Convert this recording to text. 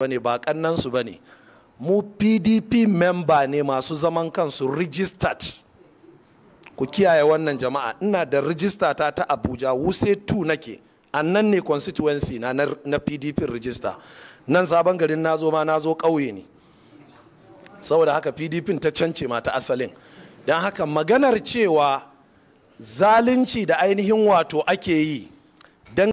bane ba kannansu bane mu pdp member ne masu zaman kansu registered ku kiyaye wannan jama'a ina da register ta ta abuja wuse 2 nake annan ne constituency na na pdp register nan sabon garin na ma na zo ƙauye ne saboda haka pdp ta cance ma ta asalin dan haka maganar cewa zalunci da ainihin wato ake yi